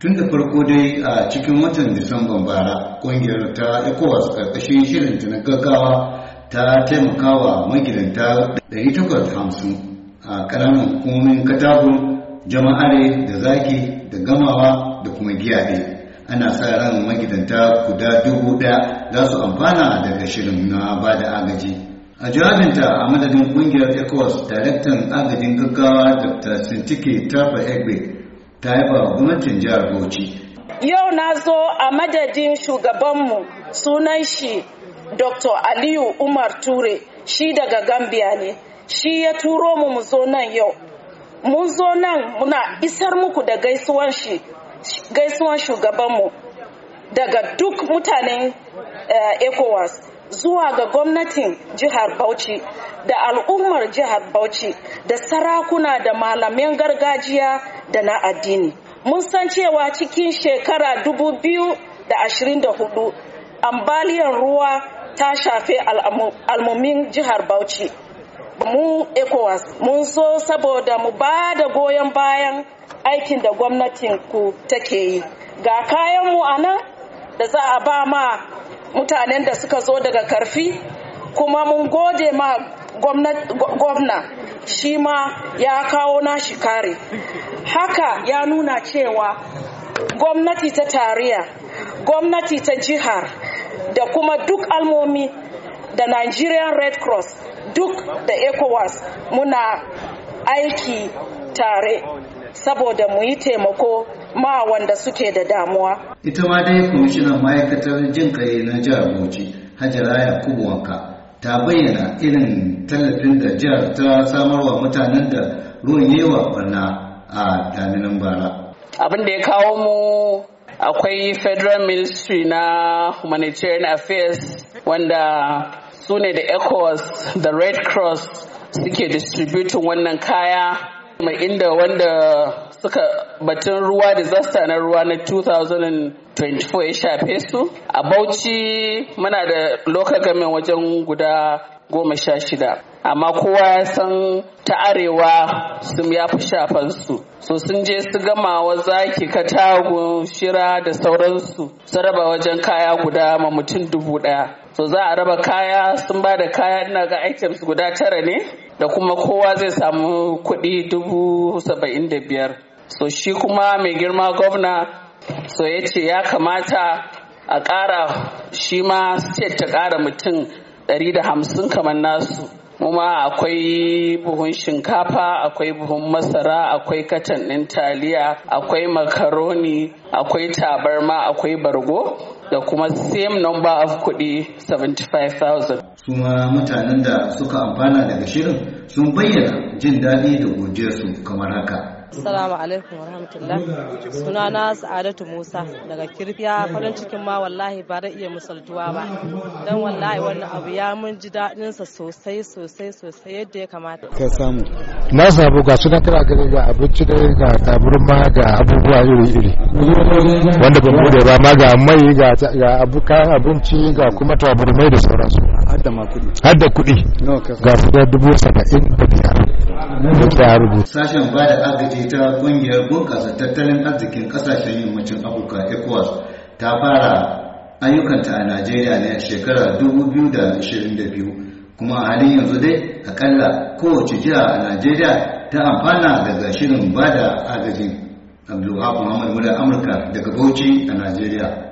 tun da farko dai a cikin watan disamban bara ƙungiyar ta ecowas ƙarƙashin shirinta na gaggawa ta taimaka taimakawa magidanta 850 a ƙananan hukumomin katako jama'are da zaki da gamawa da kuma giyaɗe ana sa ran magidanta guda dubu ɗaya za su amfana daga shirin na ba da agaji a jawabinta a madadin ƙungiyar ecowas daraktan agajin gaggawa dr sintike tafa egbe ta yaba wa gwamnatin jihar Bauchi. Yau na zo a madadin shugabanmu sunan shi Dr. Aliyu Umar Ture shi daga Gambia ne. Shi ya turo mu mu zo nan yau. Mun zo nan muna isar muku da gaisuwan shi gaisuwan shugabanmu daga duk mutanen uh, ECOWAS. zuwa ga gwamnatin jihar Bauchi da al'ummar jihar Bauchi da sarakuna da malamin gargajiya da na addini. Mun san cewa cikin shekara 2024 ambaliyar ruwa ta shafe al'ummin jihar Bauchi. Mu ECOWAS mun so saboda mu ba da goyon bayan aikin da gwamnatin ku take yi. Ga kayanmu a nan da za a ba ma mutanen da suka zo daga karfi kuma mun gode ma gwamna shi ma ya kawo nashi kare haka ya nuna cewa gwamnati ta tariya gwamnati ta jihar da kuma duk almomi da nigerian red cross duk da ecowas muna aiki tare saboda mu yi taimako ma wanda suke da damuwa. Ita ma dai kwamishinan ma'aikatar jin kai na jihar Bauchi Hajara Yakubu Wanka ta bayyana irin tallafin da jihar ta samar wa mutanen da ruwan yawa barna a daminan bara. Abin da ya kawo mu akwai Federal Ministry na Humanitarian Affairs wanda su ne da ECOWAS da Red Cross suke distributin wannan kaya mai inda wanda suka batun ruwa disaster na ruwa na 2024 ya shafe su a bauchi muna da local government wajen guda goma sha shida amma kowa ya san ta arewa sun ya fi shafansu so sun je su gama wa zaki katago shira da sauransu su raba wajen kaya guda ma mutum dubu daya so za a raba kaya sun ba da kaya ina ga items guda tara ne da kuma kowa zai samu kuɗi dubu saba'in da biyar so shi kuma mai girma gwamna so ya ce ya kamata a ƙara shi ma state ta ƙara mutum da hamsin kamar nasu kuma akwai buhun shinkafa akwai buhun masara akwai katan ɗin taliya akwai makaroni akwai tabarma akwai bargo da kuma same number of kuɗi 75,000 su mutanen da suka amfana daga shirin sun bayyana jin daɗi da gujiyarsu kamar haka Assalamu alaikum wa rahmatullah. Sunana Sa'adatu Musa daga Kirfiya farin cikin ma wallahi ba da iya musaltuwa ba. Dan wallahi wannan abu ya mun ji daɗin sa sosai sosai sosai yadda ya kamata. Ka samu. Na samu ga sunan kira gare ga abinci da ga ma ga abubuwa iri iri. Wanda ban bude ba ma ga mai ga abukan abinci ga kuma taburmai da sauransu. Hadda ma kuɗi. Hadda kuɗi. Ga su da dubu saba'in da biyar. rubuta ya rubuta sashen ba da agaji ta kungiyar bunƙasa tattalin arzikin kasashen yammacin afirka ecowas ta fara ayyukanta a najeriya ne a shekara 2022 kuma a halin yanzu dai akalla kowace jiha a najeriya ta amfana daga shirin ba da agaji. Abdullahi muhammad amurka daga bauchi a najeriya